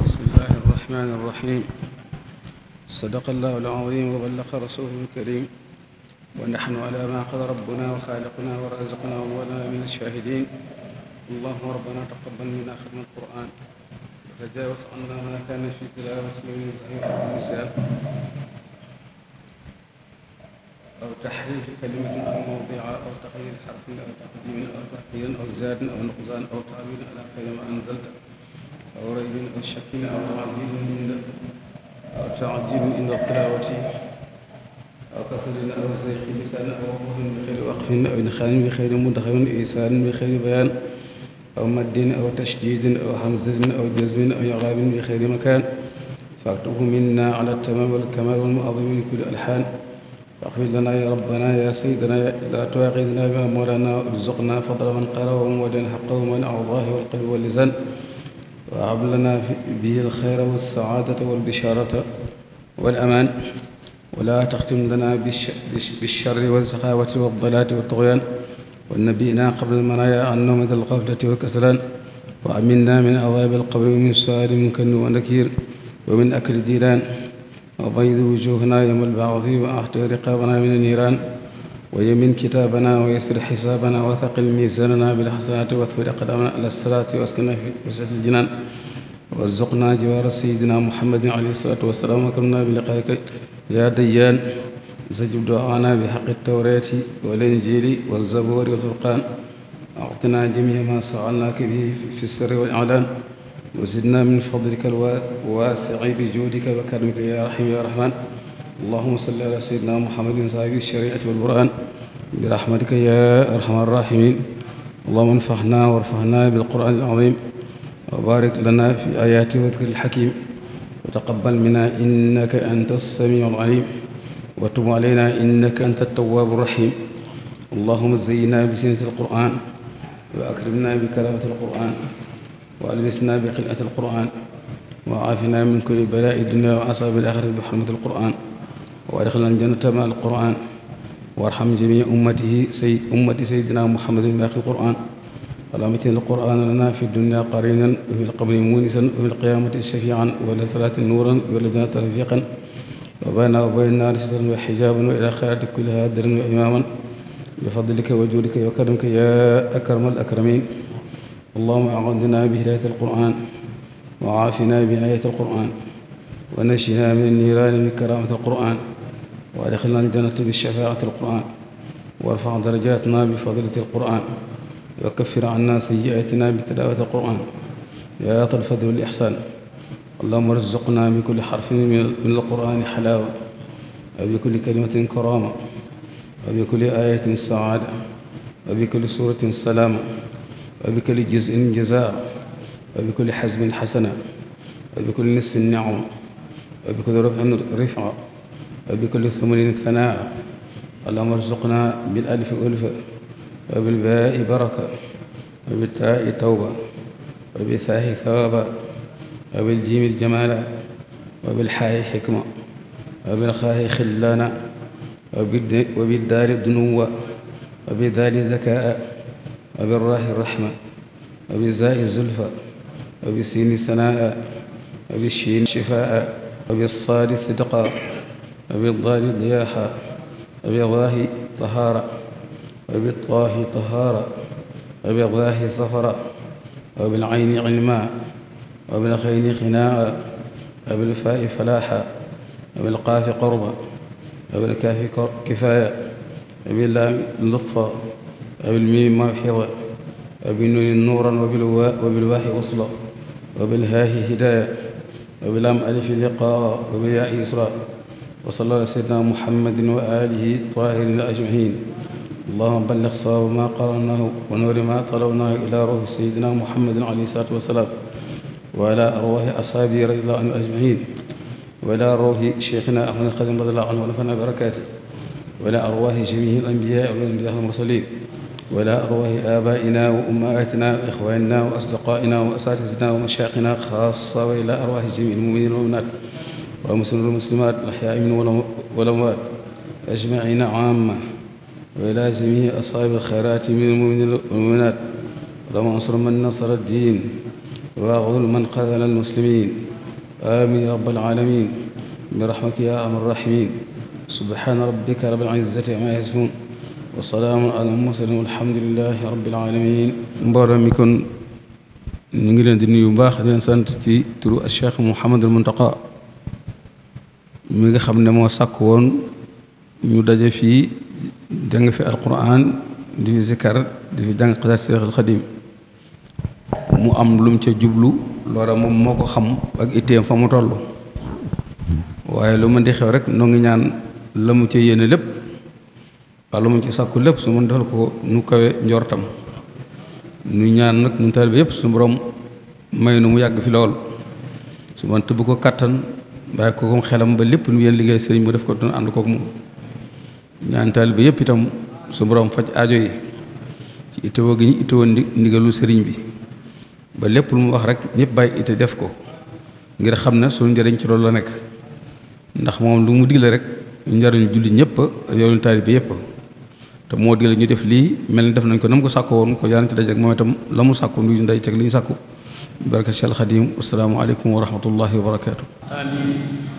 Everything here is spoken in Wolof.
bismillahi irrahmani irrahim sadaqallahu alazim wa ballaqa rasuluhu alkarim wa nahnu ala ma qada rabbuna wa xaaliquna wa raziquna wa mawlana min alshahidin allahuma rabbana taqabal minna xidma alquran وتجاوز عنا ما كان في تلاوته من زهير النساء أو تحريف كلمة أو موضع أو تغيير حرف أو تقديم أو تأخير أو زاد أو نقصان أو تعبير على خير ما أنزلته وريب أن شكل أو تعجيل من أو تعجيل عند التلاوة أو كسر أو زيخ لسان أو وقوف بخير وقف أو إدخال بخير مدخل إيسان بخير بيان أو مد أو تشديد أو همزة أو جزم أو إعراب بخير مكان فاكتبه منا على التمام والكمال والمعظم من كل ألحان واغفر لنا يا ربنا يا سيدنا لا تواخذنا بما مولانا وارزقنا فضل من قرأ ومن حقه ومن أعضاه والقلب واللسان wa ablana bihi alxeyra walsaadata walbishaarata walamaan wala taxtim lana bilsharri walsaxaawati waddalaati waltuxyaan wannabiyina qabla almanaya annawmi da alxaflati walkaslaan wa aminna min adaabi alqabri wa min suaali munkarin wa nakiir wa min akli jiiraan wa bayd wujuhna yowma albaasi wa axtir riqaabana min anniiraan ويمن كتابنا ويسر حسابنا وثقل ميزاننا بالحسنات واثبت أقدامنا على الصلاة واسكننا في بسعة الجنان وارزقنا جوار سيدنا محمد عليه الصلاة والسلام وكرمنا بلقائك يا ديان استجب دعانا بحق التوراة والإنجيل والزبور والفرقان أعطنا جميع ما سألناك به في السر والإعلان وزدنا من فضلك الواسع بجودك وكرمك يا رحيم يا رحمن allahuma salli ala sayidina muhammadin saahibi shariati wal burhan bi rahmatika ya arhamar rahimin allahuma anfaxna warfaxna bil quran al azim wa barik lana fi ayaati wa dikri al hakim wa taqabbal minna innaka anta as-samiu al alim wa tub alayna innaka anta at-tawwabu rahim allahuma zayyinna bi zinati al quran wa akrimna bi karaamati al quran wa albisna bi qiraati al quran wa aafina min kulli balaa'i dunya wa asaabi al aaxirati bi hurmati al quran وادخلنا الجنة مع القرآن وارحم جميع أمته سي أمة سيدنا محمد باقي القرآن اللهم اجعل القرآن لنا في الدنيا قرينا وفي القبر مونسا وفي القيامة شفيعا وإلى صلاة نورا وإلى الجنة رفيقا وبين وبين النار سترا وحجابا وإلى خيرات كلها درا وإماما بفضلك وجودك وكرمك يا أكرم الأكرمين اللهم أعذنا بهداية القرآن وعافنا بعناية القرآن wa najinaa min niiraani bi karaamati alquran wa adxilna aljannata bi shafaati alquran warfax darajaatina bi fadlati alquran wa kaffir anna sayyi'aatina bi tilaawati alquran yaa tal fadli wal ixsaan allahuma arzuqna bi kulli xarfin min alqurani xalaawa wa bi kulli kalimatin karaama wa bi kulli aayatin saada wa bi kulli suuratin salaama wa bi kulli juz'in jazaa wa bi kulli xasbin xasana wa bi kulli nisfin nicma وبكل رفع رفع وبكل ثمن ثناء اللهم ارزقنا بالألف ألفة وبالباء بركة وبالتاء توبة وبالثاء ثوابا وبالجيم الجمال وبالحاء حكمة وبالخاء خلانا وبالدار دنوة وبالذال ذكاء وبالراء الرحمة وبالزاء الزلفى وبالسين سناء وبالشين شفاء وبالصاد صدقا وبالضاد ضياحا وبالظاه طهارا وبالطاه طهارا وبالظاه سفرا وبالعين علما وبالخين خناعا وبالفاء فلاحا وبالقاف قربا وبالكاف كفاية وباللام لطفا وبالميم موحظة وبالنون نورا وبالواء وصلا وبالهاه هداية وبلام ألف لقاء وبياء إسراء وصلى الله على سيدنا محمد وآله الطاهرين أجمعين اللهم بلغ صواب ما قرأناه ونور ما طلبناه إلى روح سيدنا محمد عليه الصلاة والسلام وعلى أرواح أصحابه رضي الله عنهم أجمعين وإلى روح شيخنا أحمد الخادم رضي الله عنه ونفعنا بركاته وإلى أرواح جميع الأنبياء والأنبياء المرسلين ولا أرواح آبائنا وأمهاتنا وإخواننا وأصدقائنا وأساتذتنا ومشايخنا خاصة وإلى أرواح جميع المؤمنين والمؤمنات والمسلمين والمسلمات الأحياء منهم والأموات أجمعين عامة وإلى جميع أصحاب الخيرات من المؤمنين والمؤمنات اللهم انصر من نصر الدين واغل من خذل المسلمين آمين يا رب العالمين برحمتك يا أرحم الراحمين سبحان ربك رب العزة عما يصفون wasalaamu ala mursalin walhamdulilahi rabbil alamin mbooloo mi kon ñu ngi leen di nuyu bu baax di leen sant ci turu Cheikh Mouhamadul Muntaqa mi nga xam ne moo sàkk woon ñu daje fii jàng fi alquran di fi zikkar di fi jàng xasaat Seexul Xadim mu am lum ca jublu loola moom moo ko xam ak itteem fa mu toll waaye lu mën di xew rek noo ngi ñaan la mu ca yéene lépp ba lu mu ci sàkku lépp su mën ko nu kawe ñaan nag nu taalibe yépp su borom may mu yàgg fi lool su man ko kattan bàyyi ko ba lépp nu yéen liggéey sëriñ mu def ko doon ànd kook moom ñaan itam su borom faj yi ci sëriñ bi ba lépp lu mu wax rek ñëpp bàyyi ite def ko ngir xam ne suñu njëriñ ci loolu la nekk ndax moom lu mu digle rek njariñu julli ñëpp yoonu taalibe yépp te moo di ñu def lii mel ni def nañ ko na mu ko sàkko woon ko yàlla na ci dajeek moom itam la mu sàkku nuyu nday ceeg li ñu sàkku baraka Cheikh Al Khadim asalaamaaleykum wa rahmatullahi wa barakaatu. amiin